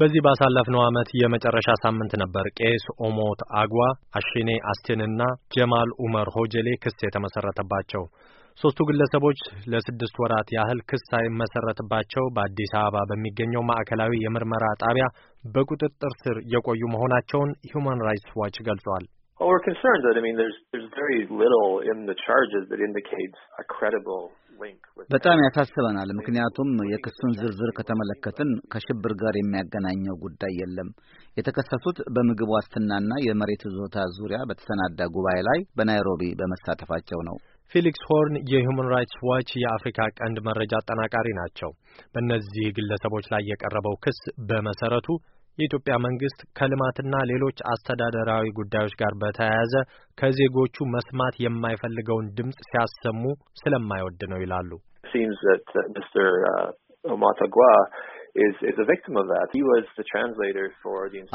በዚህ ባሳለፍነው ዓመት የመጨረሻ ሳምንት ነበር ቄስ ኦሞት አግዋ፣ አሽኔ አስቴንና ጀማል ኡመር ሆጀሌ ክስ የተመሰረተባቸው። ሦስቱ ግለሰቦች ለስድስት ወራት ያህል ክስ ሳይመሰረትባቸው በአዲስ አበባ በሚገኘው ማዕከላዊ የምርመራ ጣቢያ በቁጥጥር ስር የቆዩ መሆናቸውን ሁማን ራይትስ ዋች ገልጿል። Well, we're concerned that, I mean, there's, there's very little in the charges that indicates a credible በጣም ያሳስበናል። ምክንያቱም የክሱን ዝርዝር ከተመለከትን ከሽብር ጋር የሚያገናኘው ጉዳይ የለም። የተከሰሱት በምግብ ዋስትናና የመሬት ይዞታ ዙሪያ በተሰናዳ ጉባኤ ላይ በናይሮቢ በመሳተፋቸው ነው። ፊሊክስ ሆርን የሁማን ራይትስ ዋች የአፍሪካ ቀንድ መረጃ አጠናቃሪ ናቸው። በእነዚህ ግለሰቦች ላይ የቀረበው ክስ በመሰረቱ የኢትዮጵያ መንግስት ከልማትና ሌሎች አስተዳደራዊ ጉዳዮች ጋር በተያያዘ ከዜጎቹ መስማት የማይፈልገውን ድምፅ ሲያሰሙ ስለማይወድ ነው ይላሉ።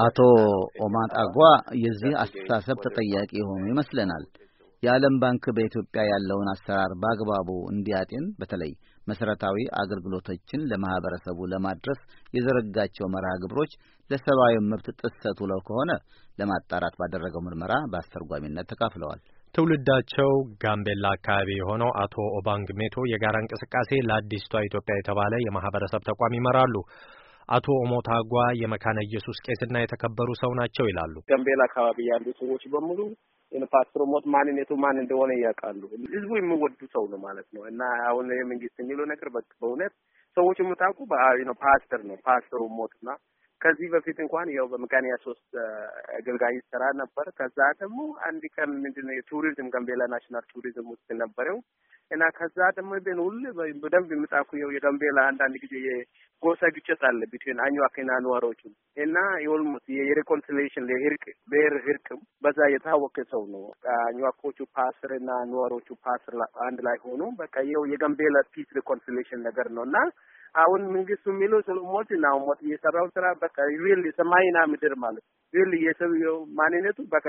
አቶ ኦማጣጓ uh, የዚህ አስተሳሰብ ተጠያቂ የሆኑ ይመስለናል። የዓለም ባንክ በኢትዮጵያ ያለውን አሰራር በአግባቡ እንዲያጤን በተለይ መሰረታዊ አገልግሎቶችን ለማህበረሰቡ ለማድረስ የዘረጋቸው መርሃ ግብሮች ለሰብአዊ መብት ጥሰት ውለው ከሆነ ለማጣራት ባደረገው ምርመራ በአስተርጓሚነት ተካፍለዋል። ትውልዳቸው ጋምቤላ አካባቢ የሆነው አቶ ኦባንግ ሜቶ የጋራ እንቅስቃሴ ለአዲስቷ ኢትዮጵያ የተባለ የማህበረሰብ ተቋም ይመራሉ። አቶ ኦሞታጓ የመካነ ኢየሱስ ቄስና የተከበሩ ሰው ናቸው ይላሉ። ጋምቤላ አካባቢ ያሉ ሰዎች በሙሉ ኢንፋክት ፕሮሞት ማንነቱ ማን እንደሆነ ያውቃሉ። ህዝቡ የሚወዱ ሰው ነው ማለት ነው። እና አሁን የመንግስት የሚለው ነገር በእውነት ሰዎች የምታውቁ ነው ፓስተር ነው ፓስተሩ ሞት እና ከዚህ በፊት እንኳን ያው በመካኒያ ሶስት አገልጋይ ስራ ነበር። ከዛ ደግሞ አንድ ቀን ምንድን ነው የቱሪዝም ጋምቤላ ናሽናል ቱሪዝም ውስጥ ነበረው እና ከዛ ደግሞ ግን ሁሉ በደንብ የምጣኩ ያው የጋምቤላ አንዳንድ ጊዜ የጎሳ ግጭት አለ አኙ አኝዋክና ነዋሪዎቹ እና የኦልሞስት የሪኮንሲሌሽን የእርቅ ብሔር እርቅ በዛ የታወቀ ሰው ነው። አኝዋኮቹ ፓስር እና ነዋሪዎቹ ፓስር አንድ ላይ ሆኖ በቃ ያው የጋምቤላ ፒስ ሪኮንሲሌሽን ነገር ነው እና አሁን መንግስቱ የሚለው ስለ ሞት እና ሞት እየሰራው ስራ በቃ ሪል የሰማይና ምድር ማለት ሪል የሰውየው ማንነቱ በቃ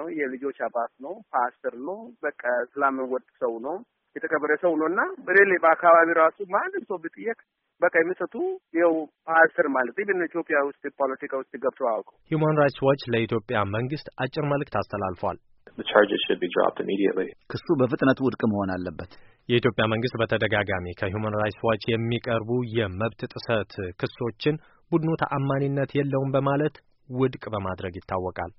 ነው። የልጆች አባት ነው፣ ፓስተር ነው፣ በቃ እስላምን ወድ ሰው ነው፣ የተከበረ ሰው ነው እና በሬሌ በአካባቢ ራሱ ማንም ሰው ብጥየቅ በቃ የሚሰጡ የው ፓስተር ማለት ኢብን ኢትዮጵያ ውስጥ ፖለቲካ ውስጥ ገብቶ አያውቁም። ሂውማን ራይትስ ዋች ለኢትዮጵያ መንግስት አጭር መልእክት አስተላልፏል። ክሱ በፍጥነት ውድቅ መሆን አለበት። የኢትዮጵያ መንግስት በተደጋጋሚ ከሁማን ራይትስ ዋች የሚቀርቡ የመብት ጥሰት ክሶችን ቡድኑ ተአማኒነት የለውም በማለት ውድቅ በማድረግ ይታወቃል።